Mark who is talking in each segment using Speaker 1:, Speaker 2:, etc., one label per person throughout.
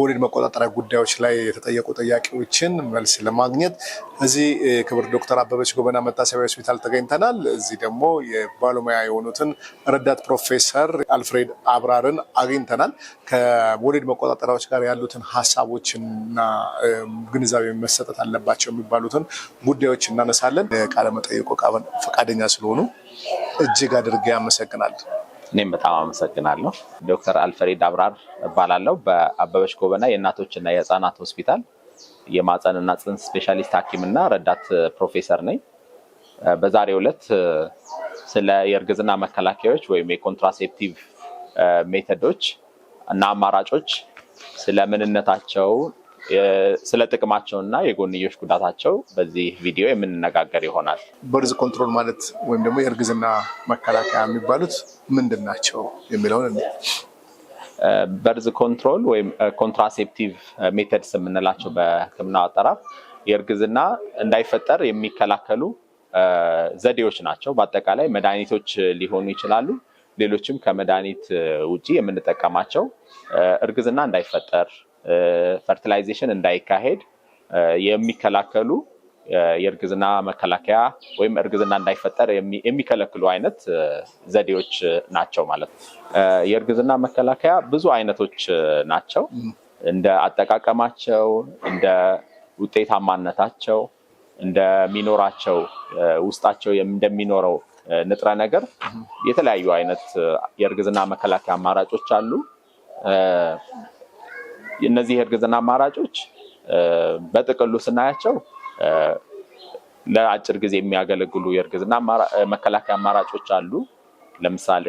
Speaker 1: ቦሌድ መቆጣጠሪያ ጉዳዮች ላይ የተጠየቁ ጥያቄዎችን መልስ ለማግኘት እዚህ ክብር ዶክተር አበበች ጎበና መታሰቢያ ሆስፒታል ተገኝተናል። እዚህ ደግሞ የባለሙያ የሆኑትን ረዳት ፕሮፌሰር አልፍሬድ አብራርን አግኝተናል። ከቦሌድ መቆጣጠሪያዎች ጋር ያሉትን ሀሳቦችና ግንዛቤ መሰጠት አለባቸው የሚባሉትን ጉዳዮች እናነሳለን። ቃለመጠየቁ ፈቃደኛ ስለሆኑ እጅግ አድርጌ አመሰግናለሁ። እኔም በጣም አመሰግናለሁ። ዶክተር አልፈሬድ አብራር
Speaker 2: እባላለሁ። በአበበች ጎበና የእናቶችና የህፃናት ሆስፒታል የማፀንና ፅንስ ስፔሻሊስት ሐኪምና ረዳት ፕሮፌሰር ነኝ። በዛሬው ዕለት ስለ የእርግዝና መከላከያዎች ወይም የኮንትራሴፕቲቭ ሜተዶች እና አማራጮች ስለ ምንነታቸው ስለ ጥቅማቸው እና የጎንዮሽ
Speaker 1: ጉዳታቸው በዚህ ቪዲዮ የምንነጋገር ይሆናል። በርዝ ኮንትሮል ማለት ወይም ደግሞ የእርግዝና መከላከያ የሚባሉት ምንድን ናቸው የሚለውን
Speaker 2: በርዝ ኮንትሮል ወይም ኮንትራሴፕቲቭ ሜተድስ የምንላቸው በህክምና አጠራፍ የእርግዝና እንዳይፈጠር የሚከላከሉ ዘዴዎች ናቸው። በአጠቃላይ መድኃኒቶች ሊሆኑ ይችላሉ። ሌሎችም ከመድኃኒት ውጪ የምንጠቀማቸው እርግዝና እንዳይፈጠር ፈርቲላይዜሽን እንዳይካሄድ የሚከላከሉ የእርግዝና መከላከያ ወይም እርግዝና እንዳይፈጠር የሚከለክሉ አይነት ዘዴዎች ናቸው ማለት ነው። የእርግዝና መከላከያ ብዙ አይነቶች ናቸው። እንደ አጠቃቀማቸው፣ እንደ ውጤታማነታቸው፣ እንደሚኖራቸው ውስጣቸው እንደሚኖረው ንጥረ ነገር የተለያዩ አይነት የእርግዝና መከላከያ አማራጮች አሉ። እነዚህ የእርግዝና አማራጮች በጥቅሉ ስናያቸው ለአጭር ጊዜ የሚያገለግሉ የእርግዝና መከላከያ አማራጮች አሉ። ለምሳሌ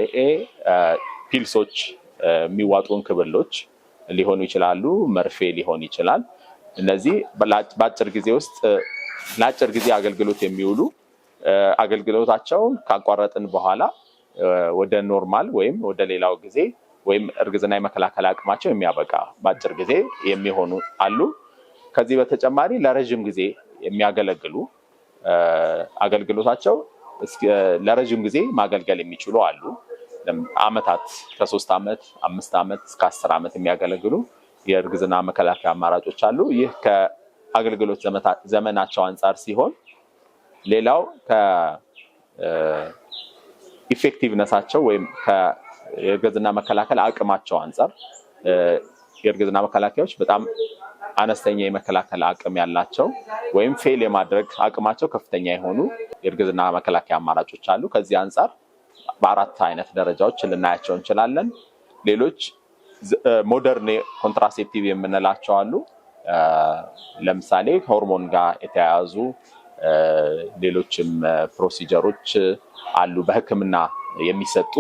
Speaker 2: ፒልሶች፣ የሚዋጡ እንክብሎች ሊሆኑ ይችላሉ። መርፌ ሊሆን ይችላል። እነዚህ በአጭር ጊዜ ውስጥ ለአጭር ጊዜ አገልግሎት የሚውሉ አገልግሎታቸውን ካቋረጥን በኋላ ወደ ኖርማል ወይም ወደ ሌላው ጊዜ ወይም እርግዝና የመከላከል አቅማቸው የሚያበቃ በአጭር ጊዜ የሚሆኑ አሉ። ከዚህ በተጨማሪ ለረዥም ጊዜ የሚያገለግሉ አገልግሎታቸው ለረዥም ጊዜ ማገልገል የሚችሉ አሉ። አመታት ከሶስት ዓመት አምስት ዓመት እስከ አስር ዓመት የሚያገለግሉ የእርግዝና መከላከያ አማራጮች አሉ። ይህ ከአገልግሎት ዘመናቸው አንጻር ሲሆን ሌላው ከኢፌክቲቭነሳቸው ወይም የእርግዝና መከላከል አቅማቸው አንጻር የእርግዝና መከላከያዎች በጣም አነስተኛ የመከላከል አቅም ያላቸው ወይም ፌል የማድረግ አቅማቸው ከፍተኛ የሆኑ የእርግዝና መከላከያ አማራጮች አሉ። ከዚህ አንጻር በአራት አይነት ደረጃዎች ልናያቸው እንችላለን። ሌሎች ሞደርን ኮንትራሴፕቲቭ የምንላቸው አሉ። ለምሳሌ ከሆርሞን ጋር የተያያዙ ሌሎችም ፕሮሲጀሮች አሉ በህክምና የሚሰጡ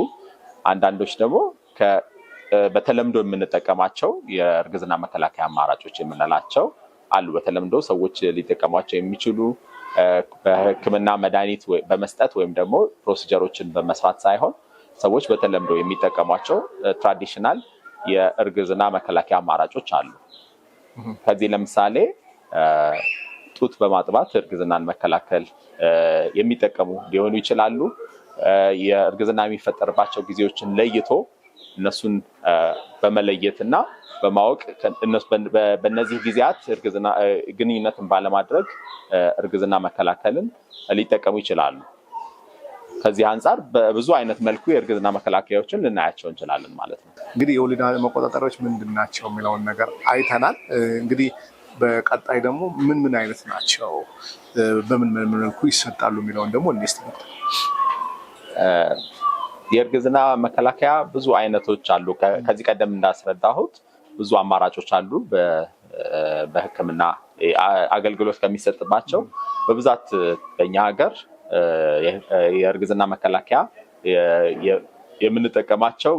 Speaker 2: አንዳንዶች ደግሞ በተለምዶ የምንጠቀማቸው የእርግዝና መከላከያ አማራጮች የምንላቸው አሉ። በተለምዶ ሰዎች ሊጠቀሟቸው የሚችሉ በሕክምና መድኃኒት በመስጠት ወይም ደግሞ ፕሮሲጀሮችን በመስራት ሳይሆን ሰዎች በተለምዶ የሚጠቀሟቸው ትራዲሽናል የእርግዝና መከላከያ አማራጮች አሉ። ከዚህ ለምሳሌ ጡት በማጥባት እርግዝናን መከላከል የሚጠቀሙ ሊሆኑ ይችላሉ። የእርግዝና የሚፈጠርባቸው ጊዜዎችን ለይቶ እነሱን በመለየት እና በማወቅ በእነዚህ ጊዜያት ግንኙነትን ባለማድረግ እርግዝና መከላከልን ሊጠቀሙ ይችላሉ። ከዚህ አንጻር በብዙ አይነት መልኩ የእርግዝና መከላከያዎችን ልናያቸው እንችላለን ማለት ነው።
Speaker 1: እንግዲህ የወሊድ መቆጣጠሪያዎች ምንድን ናቸው የሚለውን ነገር አይተናል። እንግዲህ በቀጣይ ደግሞ ምን ምን አይነት ናቸው፣ በምን ምን መልኩ ይሰጣሉ የሚለውን ደግሞ እኔስ
Speaker 2: የእርግዝና መከላከያ ብዙ አይነቶች አሉ። ከዚህ ቀደም እንዳስረዳሁት ብዙ አማራጮች አሉ። በሕክምና አገልግሎት ከሚሰጥባቸው በብዛት በኛ ሀገር የእርግዝና መከላከያ የምንጠቀማቸው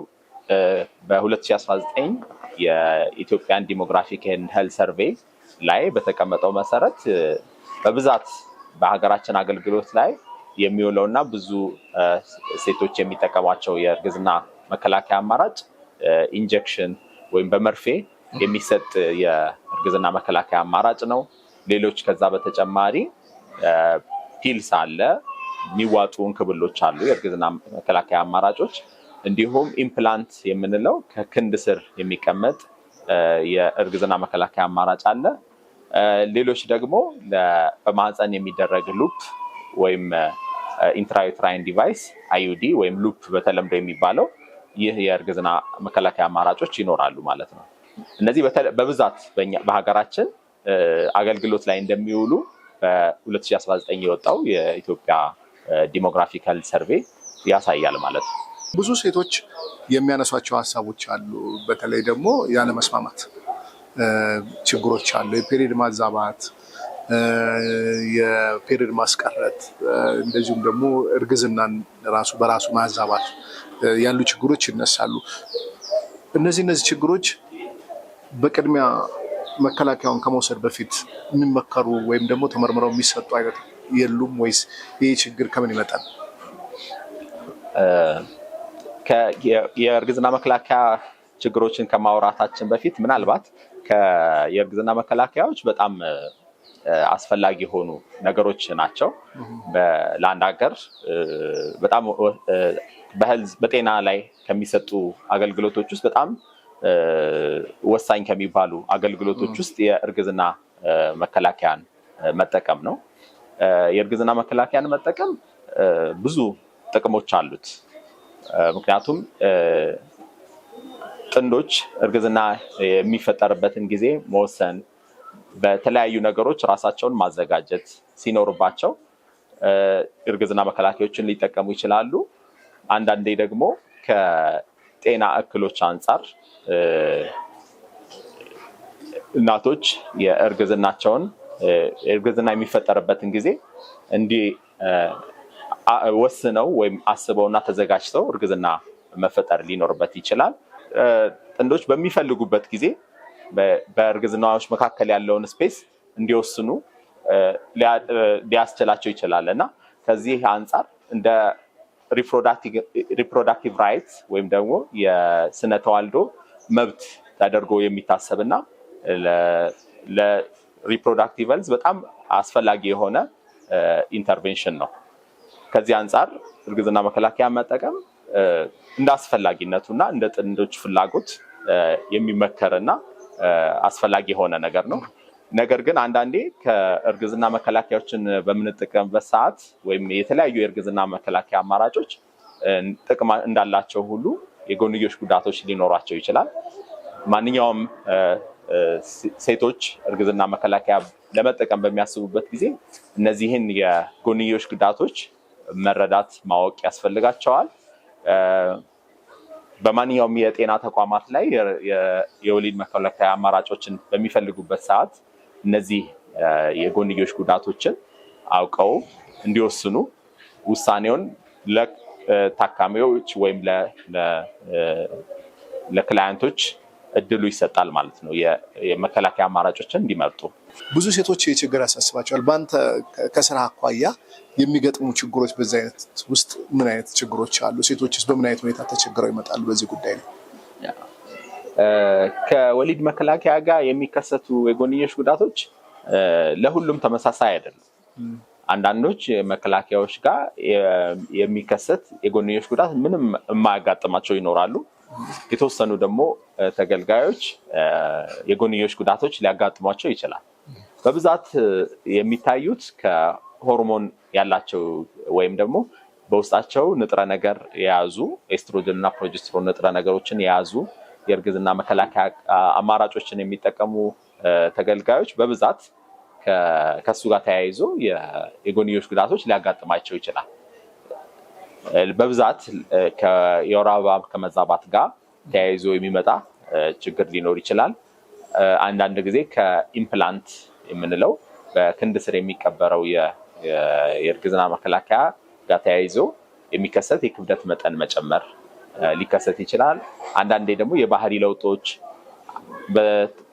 Speaker 2: በ2019 የኢትዮጵያን ዲሞግራፊክ ኤንድ ሄልዝ ሰርቬይ ላይ በተቀመጠው መሰረት በብዛት በሀገራችን አገልግሎት ላይ የሚውለው እና ብዙ ሴቶች የሚጠቀሟቸው የእርግዝና መከላከያ አማራጭ ኢንጀክሽን ወይም በመርፌ የሚሰጥ የእርግዝና መከላከያ አማራጭ ነው። ሌሎች ከዛ በተጨማሪ ፒልስ አለ፣ የሚዋጡ እንክብሎች አሉ፣ የእርግዝና መከላከያ አማራጮች። እንዲሁም ኢምፕላንት የምንለው ከክንድ ስር የሚቀመጥ የእርግዝና መከላከያ አማራጭ አለ። ሌሎች ደግሞ በማህፀን የሚደረግ ሉፕ ወይም ኢንትራዩትራይን ዲቫይስ አዩዲ ወይም ሉፕ በተለምዶ የሚባለው ይህ የእርግዝና መከላከያ አማራጮች ይኖራሉ ማለት ነው። እነዚህ በብዛት በሀገራችን አገልግሎት ላይ እንደሚውሉ በ2019 የወጣው የኢትዮጵያ ዲሞግራፊካል ሰርቬ ያሳያል ማለት ነው።
Speaker 1: ብዙ ሴቶች የሚያነሷቸው ሀሳቦች አሉ። በተለይ ደግሞ ያለመስማማት ችግሮች አሉ። የፔሪድ ማዛባት የፔሪድ ማስቀረት እንደዚሁም ደግሞ እርግዝናን ራሱ በራሱ ማዛባት ያሉ ችግሮች ይነሳሉ። እነዚህ እነዚህ ችግሮች በቅድሚያ መከላከያውን ከመውሰድ በፊት የሚመከሩ ወይም ደግሞ ተመርምረው የሚሰጡ አይነት የሉም ወይስ ይህ ችግር ከምን ይመጣል? የእርግዝና መከላከያ ችግሮችን ከማውራታችን
Speaker 2: በፊት ምናልባት የእርግዝና መከላከያዎች በጣም አስፈላጊ የሆኑ ነገሮች ናቸው። ለአንድ ሀገር በጣም በጤና ላይ ከሚሰጡ አገልግሎቶች ውስጥ በጣም ወሳኝ ከሚባሉ አገልግሎቶች ውስጥ የእርግዝና መከላከያን መጠቀም ነው። የእርግዝና መከላከያን መጠቀም ብዙ ጥቅሞች አሉት። ምክንያቱም ጥንዶች እርግዝና የሚፈጠርበትን ጊዜ መወሰን በተለያዩ ነገሮች ራሳቸውን ማዘጋጀት ሲኖርባቸው እርግዝና መከላከያዎችን ሊጠቀሙ ይችላሉ። አንዳንዴ ደግሞ ከጤና እክሎች አንጻር እናቶች የእርግዝናቸውን እርግዝና የሚፈጠርበትን ጊዜ እንዲህ ወስነው ወይም አስበውና ተዘጋጅተው እርግዝና መፈጠር ሊኖርበት ይችላል። ጥንዶች በሚፈልጉበት ጊዜ በእርግዝናዎች መካከል ያለውን ስፔስ እንዲወስኑ ሊያስችላቸው ይችላል እና ከዚህ አንጻር እንደ ሪፕሮዳክቲቭ ራይትስ ወይም ደግሞ የስነ ተዋልዶ መብት ተደርጎ የሚታሰብና ለሪፕሮዳክቲቭ ሄልዝ በጣም አስፈላጊ የሆነ ኢንተርቬንሽን ነው። ከዚህ አንጻር እርግዝና መከላከያ መጠቀም እንደ አስፈላጊነቱ እና እንደ ጥንዶች ፍላጎት የሚመከርና አስፈላጊ የሆነ ነገር ነው። ነገር ግን አንዳንዴ ከእርግዝና መከላከያዎችን በምንጠቀምበት ሰዓት ወይም የተለያዩ የእርግዝና መከላከያ አማራጮች ጥቅም እንዳላቸው ሁሉ የጎንዮሽ ጉዳቶች ሊኖሯቸው ይችላል። ማንኛውም ሴቶች እርግዝና መከላከያ ለመጠቀም በሚያስቡበት ጊዜ እነዚህን የጎንዮሽ ጉዳቶች መረዳት ማወቅ ያስፈልጋቸዋል። በማንኛውም የጤና ተቋማት ላይ የወሊድ መከላከያ አማራጮችን በሚፈልጉበት ሰዓት እነዚህ የጎንዮሽ ጉዳቶችን አውቀው እንዲወስኑ ውሳኔውን ለታካሚዎች ወይም ለክላያንቶች እድሉ ይሰጣል ማለት ነው የመከላከያ አማራጮችን እንዲመርጡ።
Speaker 1: ብዙ ሴቶች ችግር ያሳስባቸዋል። በአንተ ከስራ አኳያ የሚገጥሙ ችግሮች በዚህ አይነት ውስጥ ምን አይነት ችግሮች አሉ? ሴቶችስ በምን አይነት ሁኔታ ተቸግረው ይመጣሉ? በዚህ ጉዳይ ነው
Speaker 2: ከወሊድ መከላከያ ጋር የሚከሰቱ የጎንዮሽ ጉዳቶች ለሁሉም ተመሳሳይ አይደለም። አንዳንዶች መከላከያዎች ጋር የሚከሰት የጎንዮሽ ጉዳት ምንም የማያጋጥማቸው ይኖራሉ። የተወሰኑ ደግሞ ተገልጋዮች የጎንዮሽ ጉዳቶች ሊያጋጥሟቸው ይችላል። በብዛት የሚታዩት ከሆርሞን ያላቸው ወይም ደግሞ በውስጣቸው ንጥረ ነገር የያዙ ኤስትሮጅን እና ፕሮጀስትሮን ንጥረ ነገሮችን የያዙ የእርግዝና መከላከያ አማራጮችን የሚጠቀሙ ተገልጋዮች በብዛት ከሱ ጋር ተያይዞ የጎንዮሽ ጉዳቶች ሊያጋጥማቸው ይችላል። በብዛት የወር አበባ ከመዛባት ጋር ተያይዞ የሚመጣ ችግር ሊኖር ይችላል። አንዳንድ ጊዜ ከኢምፕላንት የምንለው በክንድ ስር የሚቀበረው የእርግዝና መከላከያ ጋር ተያይዞ የሚከሰት የክብደት መጠን መጨመር ሊከሰት ይችላል። አንዳንዴ ደግሞ የባህሪ ለውጦች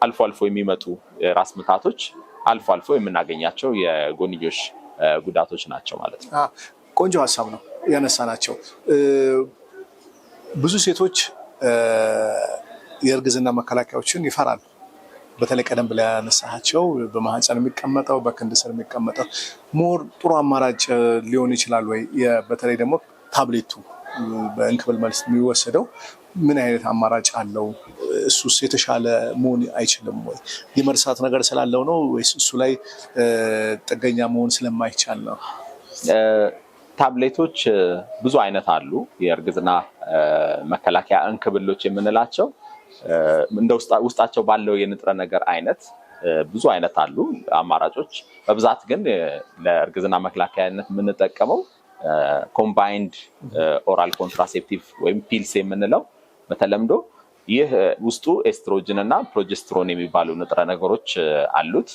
Speaker 2: አልፎ አልፎ የሚመጡ ራስ ምታቶች አልፎ አልፎ የምናገኛቸው የጎንዮሽ ጉዳቶች ናቸው ማለት
Speaker 1: ነው። ቆንጆ ሀሳብ ነው። ያነሳ ናቸው። ብዙ ሴቶች የእርግዝና መከላከያዎችን ይፈራሉ። በተለይ ቀደም ብላ ያነሳቸው በማህፀን የሚቀመጠው በክንድ ስር የሚቀመጠው ሞር ጥሩ አማራጭ ሊሆን ይችላል ወይ? በተለይ ደግሞ ታብሌቱ በእንክብል መልስ የሚወሰደው ምን አይነት አማራጭ አለው? እሱስ የተሻለ መሆን አይችልም ወይ? የመርሳት ነገር ስላለው ነው ወይስ እሱ ላይ ጥገኛ መሆን ስለማይቻል ነው?
Speaker 2: ታብሌቶች ብዙ አይነት አሉ። የእርግዝና መከላከያ እንክብሎች የምንላቸው እንደ ውስጣቸው ባለው የንጥረ ነገር አይነት ብዙ አይነት አሉ አማራጮች። በብዛት ግን ለእርግዝና መከላከያነት የምንጠቀመው ኮምባይንድ ኦራል ኮንትራሴፕቲቭ ወይም ፒልስ የምንለው በተለምዶ ይህ ውስጡ ኤስትሮጅን እና ፕሮጀስትሮን የሚባሉ ንጥረ ነገሮች አሉት።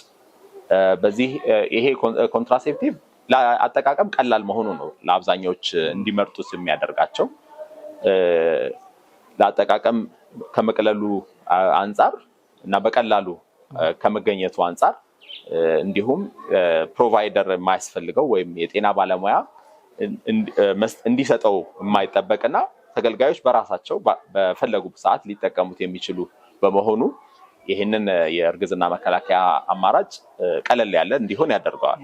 Speaker 2: በዚህ ይሄ ኮንትራሴፕቲቭ ለአጠቃቀም ቀላል መሆኑ ነው ለአብዛኛዎች እንዲመርጡት የሚያደርጋቸው። ለአጠቃቀም ከመቅለሉ አንጻር እና በቀላሉ ከመገኘቱ አንጻር እንዲሁም ፕሮቫይደር የማያስፈልገው ወይም የጤና ባለሙያ እንዲሰጠው የማይጠበቅ እና ተገልጋዮች በራሳቸው በፈለጉ ሰዓት ሊጠቀሙት የሚችሉ በመሆኑ ይህንን የእርግዝና መከላከያ አማራጭ ቀለል ያለ እንዲሆን ያደርገዋል።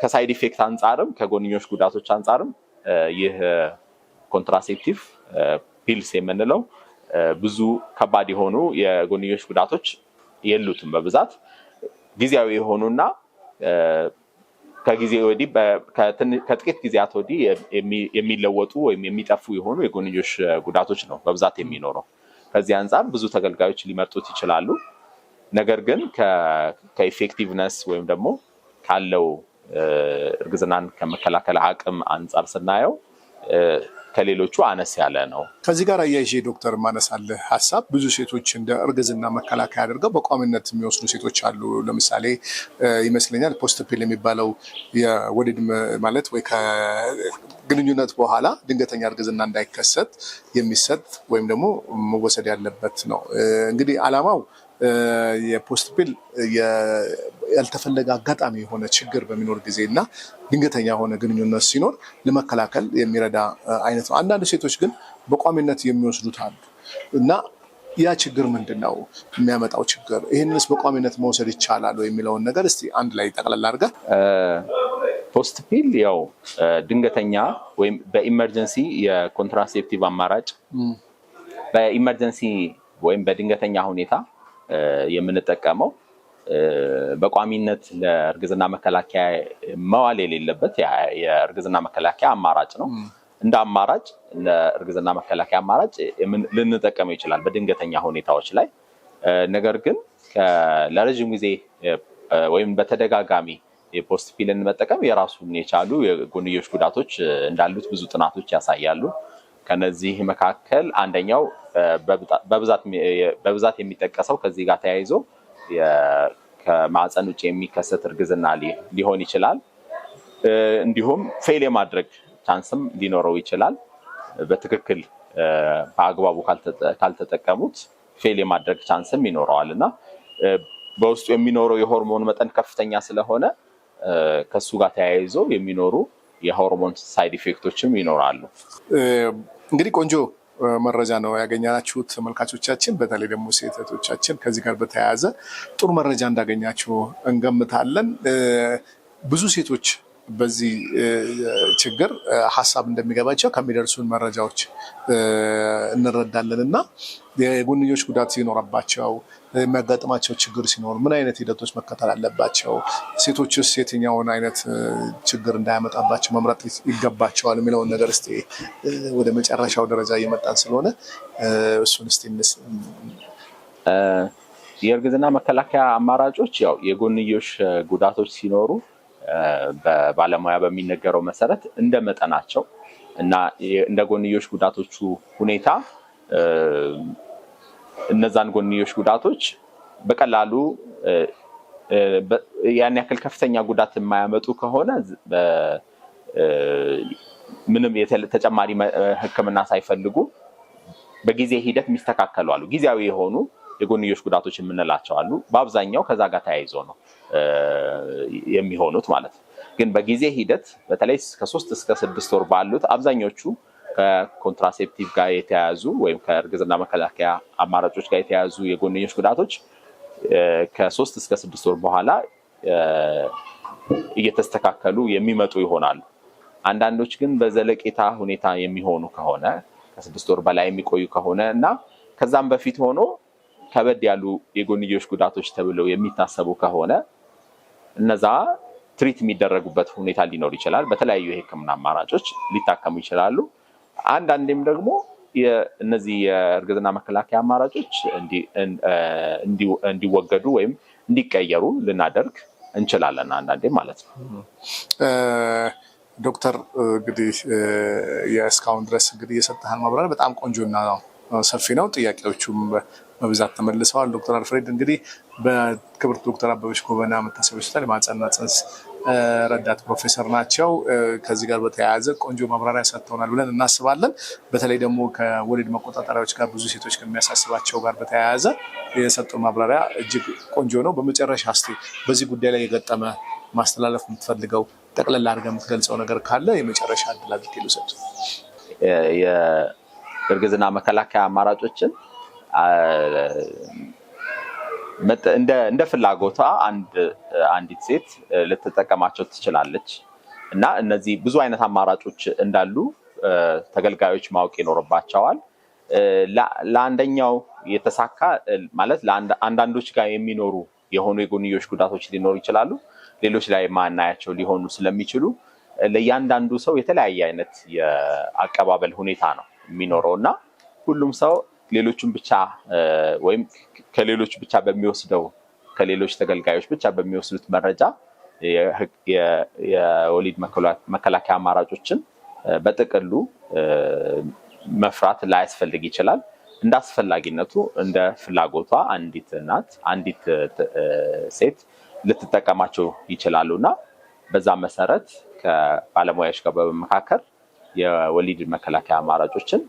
Speaker 2: ከሳይድ ኢፌክት አንጻርም ከጎንኞች ጉዳቶች አንጻርም ይህ ኮንትራሴፕቲቭ ፒልስ የምንለው ብዙ ከባድ የሆኑ የጎንዮሽ ጉዳቶች የሉትም። በብዛት ጊዜያዊ የሆኑና ከጊዜ ወዲህ ከጥቂት ጊዜያት ወዲህ የሚለወጡ ወይም የሚጠፉ የሆኑ የጎንዮሽ ጉዳቶች ነው በብዛት የሚኖረው። ከዚህ አንጻር ብዙ ተገልጋዮች ሊመርጡት ይችላሉ። ነገር ግን ከኢፌክቲቭነስ ወይም ደግሞ ካለው እርግዝናን ከመከላከል አቅም አንጻር ስናየው ከሌሎቹ አነስ ያለ ነው።
Speaker 1: ከዚህ ጋር አያይዤ ዶክተር ማነሳለህ ሀሳብ ብዙ ሴቶች እንደ እርግዝና መከላከያ አድርገው በቋሚነት የሚወስዱ ሴቶች አሉ። ለምሳሌ ይመስለኛል ፖስትፒል የሚባለው የወሊድ ማለት ወይ ከግንኙነት በኋላ ድንገተኛ እርግዝና እንዳይከሰት የሚሰጥ ወይም ደግሞ መወሰድ ያለበት ነው። እንግዲህ አላማው የፖስት ፒል ያልተፈለገ አጋጣሚ የሆነ ችግር በሚኖር ጊዜ እና ድንገተኛ የሆነ ግንኙነት ሲኖር ለመከላከል የሚረዳ አይነት ነው። አንዳንድ ሴቶች ግን በቋሚነት የሚወስዱት አሉ እና ያ ችግር ምንድን ነው የሚያመጣው ችግር? ይህንንስ በቋሚነት መውሰድ ይቻላል የሚለውን ነገር እስቲ አንድ
Speaker 2: ላይ ጠቅላላ አድርጋ ፖስት ፒል ያው ድንገተኛ ወይም በኢመርጀንሲ የኮንትራሴፕቲቭ አማራጭ በኢመርጀንሲ ወይም በድንገተኛ ሁኔታ የምንጠቀመው በቋሚነት ለእርግዝና መከላከያ መዋል የሌለበት የእርግዝና መከላከያ አማራጭ ነው። እንደ አማራጭ ለእርግዝና መከላከያ አማራጭ ልንጠቀመው ይችላል በድንገተኛ ሁኔታዎች ላይ። ነገር ግን ለረዥም ጊዜ ወይም በተደጋጋሚ የፖስት ፒልን መጠቀም የራሱን የቻሉ የጎንዮሽ ጉዳቶች እንዳሉት ብዙ ጥናቶች ያሳያሉ። ከነዚህ መካከል አንደኛው በብዛት የሚጠቀሰው ከዚህ ጋር ተያይዞ ከማዕፀን ውጭ የሚከሰት እርግዝና ሊሆን ይችላል። እንዲሁም ፌል የማድረግ ቻንስም ሊኖረው ይችላል። በትክክል በአግባቡ ካልተጠቀሙት ፌል የማድረግ ቻንስም ይኖረዋል እና በውስጡ የሚኖረው የሆርሞን መጠን ከፍተኛ ስለሆነ ከሱ ጋር ተያይዞ የሚኖሩ የሆርሞን ሳይድ ኢፌክቶችም
Speaker 1: ይኖራሉ። እንግዲህ ቆንጆ መረጃ ነው ያገኛችሁ ተመልካቾቻችን። በተለይ ደግሞ ሴት እህቶቻችን ከዚህ ጋር በተያያዘ ጥሩ መረጃ እንዳገኛችሁ እንገምታለን። ብዙ ሴቶች በዚህ ችግር ሀሳብ እንደሚገባቸው ከሚደርሱን መረጃዎች እንረዳለን እና የጎንዮሽ ጉዳት ሲኖረባቸው የሚያጋጥማቸው ችግር ሲኖር ምን አይነት ሂደቶች መከተል አለባቸው፣ ውስጥ የትኛውን አይነት ችግር እንዳያመጣባቸው መምረጥ ይገባቸዋል የሚለውን ነገር ስ ወደ መጨረሻው ደረጃ እየመጣን ስለሆነ እሱን ስ
Speaker 2: የእርግዝና መከላከያ አማራጮች ያው የጎንዮሽ ጉዳቶች ሲኖሩ በባለሙያ በሚነገረው መሰረት እንደ መጠናቸው እና እንደ ጎንዮሽ ጉዳቶቹ ሁኔታ እነዛን ጎንዮሽ ጉዳቶች በቀላሉ ያን ያክል ከፍተኛ ጉዳት የማያመጡ ከሆነ ምንም ተጨማሪ ሕክምና ሳይፈልጉ በጊዜ ሂደት የሚስተካከሉ አሉ። ጊዜያዊ የሆኑ የጎንዮሽ ጉዳቶች የምንላቸው አሉ። በአብዛኛው ከዛ ጋር ተያይዞ ነው የሚሆኑት ማለት ነው። ግን በጊዜ ሂደት በተለይ ከሶስት እስከ ስድስት ወር ባሉት አብዛኞቹ ከኮንትራሴፕቲቭ ጋር የተያያዙ ወይም ከእርግዝና መከላከያ አማራጮች ጋር የተያያዙ የጎንዮሽ ጉዳቶች ከሶስት እስከ ስድስት ወር በኋላ እየተስተካከሉ የሚመጡ ይሆናሉ። አንዳንዶች ግን በዘለቄታ ሁኔታ የሚሆኑ ከሆነ ከስድስት ወር በላይ የሚቆዩ ከሆነ እና ከዛም በፊት ሆኖ ከበድ ያሉ የጎንዮሽ ጉዳቶች ተብለው የሚታሰቡ ከሆነ እነዛ ትሪት የሚደረጉበት ሁኔታ ሊኖር ይችላል። በተለያዩ የሕክምና አማራጮች ሊታከሙ ይችላሉ። አንዳንዴም ደግሞ እነዚህ የእርግዝና መከላከያ አማራጮች እንዲወገዱ ወይም እንዲቀየሩ ልናደርግ እንችላለን
Speaker 1: አንዳንዴ ማለት ነው። ዶክተር እንግዲህ የእስካሁን ድረስ እንግዲህ የሰጠህን ማብራሪያ በጣም ቆንጆና ሰፊ ነው። ጥያቄዎቹም በብዛት ተመልሰዋል። ዶክተር አልፍሬድ እንግዲህ በክብርት ዶክተር አበበች ጎበና መታሰቢያ ሆስፒታል የማህጸንና ፅንስ ረዳት ፕሮፌሰር ናቸው። ከዚህ ጋር በተያያዘ ቆንጆ ማብራሪያ ሰጥተውናል ብለን እናስባለን። በተለይ ደግሞ ከወሊድ መቆጣጠሪያዎች ጋር ብዙ ሴቶች ከሚያሳስባቸው ጋር በተያያዘ የሰጠው ማብራሪያ እጅግ ቆንጆ ነው። በመጨረሻ እስኪ በዚህ ጉዳይ ላይ የገጠመ ማስተላለፍ የምትፈልገው ጠቅለላ አድርገህ የምትገልጸው ነገር ካለ የመጨረሻ እድል አድርጌ ልውሰድ።
Speaker 2: የእርግዝና መከላከያ አማራጮችን እንደ ፍላጎቷ አንዲት ሴት ልትጠቀማቸው ትችላለች እና እነዚህ ብዙ አይነት አማራጮች እንዳሉ ተገልጋዮች ማወቅ ይኖርባቸዋል። ለአንደኛው የተሳካ ማለት አንዳንዶች ጋር የሚኖሩ የሆኑ የጎንዮሽ ጉዳቶች ሊኖሩ ይችላሉ። ሌሎች ላይ ማናያቸው ሊሆኑ ስለሚችሉ ለእያንዳንዱ ሰው የተለያየ አይነት የአቀባበል ሁኔታ ነው የሚኖረው እና ሁሉም ሰው ሌሎቹን ብቻ ወይም ከሌሎች ብቻ በሚወስደው ከሌሎች ተገልጋዮች ብቻ በሚወስዱት መረጃ የወሊድ መከላከያ አማራጮችን በጥቅሉ መፍራት ላያስፈልግ ይችላል። እንደ አስፈላጊነቱ እንደ ፍላጎቷ አንዲት እናት አንዲት ሴት ልትጠቀማቸው ይችላሉ እና በዛ መሰረት ከባለሙያዎች ጋር በመመካከር የወሊድ መከላከያ አማራጮችን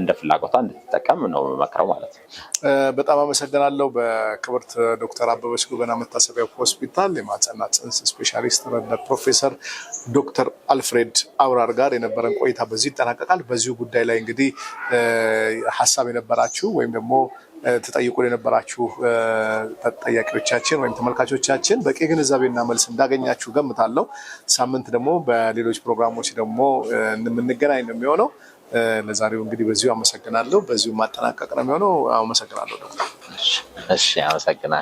Speaker 2: እንደ ፍላጎቷ እንድትጠቀም ነው መክረው ማለት ነው።
Speaker 1: በጣም አመሰግናለሁ። በክብርት ዶክተር አበበች ጎበና መታሰቢያ ሆስፒታል የማህጸንና ጽንስ ስፔሻሊስት ረዳት ፕሮፌሰር ዶክተር አልፍሬድ አውራር ጋር የነበረን ቆይታ በዚህ ይጠናቀቃል። በዚሁ ጉዳይ ላይ እንግዲህ ሀሳብ የነበራችሁ ወይም ደግሞ ተጠይቁን የነበራችሁ ተጠያቂዎቻችን ወይም ተመልካቾቻችን በቂ ግንዛቤና መልስ እንዳገኛችሁ ገምታለሁ። ሳምንት ደግሞ በሌሎች ፕሮግራሞች ደግሞ የምንገናኝ ነው የሚሆነው። ለዛሬው እንግዲህ በዚሁ አመሰግናለሁ። በዚሁ ማጠናቀቅ ነው የሚሆነው። አመሰግናለሁ ዶክተር። እሺ፣ አመሰግናለሁ።